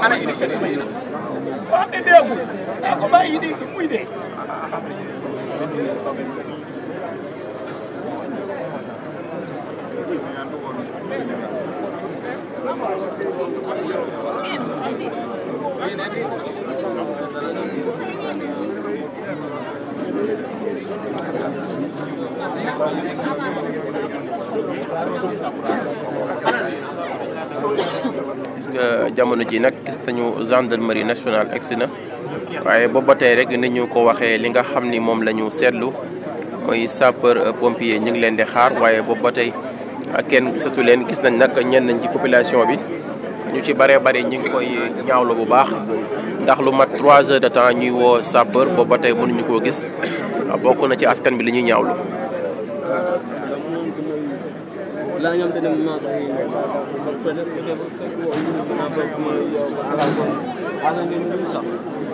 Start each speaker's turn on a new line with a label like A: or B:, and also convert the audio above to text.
A: ana idi fɛn tuma yina ko an bɛ den kun ɛ ko n b'a yidi
B: Thank you. gis nga jamono ji nag gis nañu gendarmerie nationale egsi na waaye booba tey rek ni ñu ko waxee li nga xam ni moom lañu seetlu mooy sapeur pompier ñu ngi leen di xaar waaye booba tey kenn gisatu leen gis nañ nag ñenn nañ ci population bi ñu ci bëree bëri ñu ngi koy ñaawlu bu baax ndax lu mat trois heures de temps ñuy woo sapeur booba tey mënuñu koo gis bokk na ci askan bi li ñuy ñaawlu.
A: laa ñam de ma ko yi ko ko ko ko ko ko ko ko ko ko ko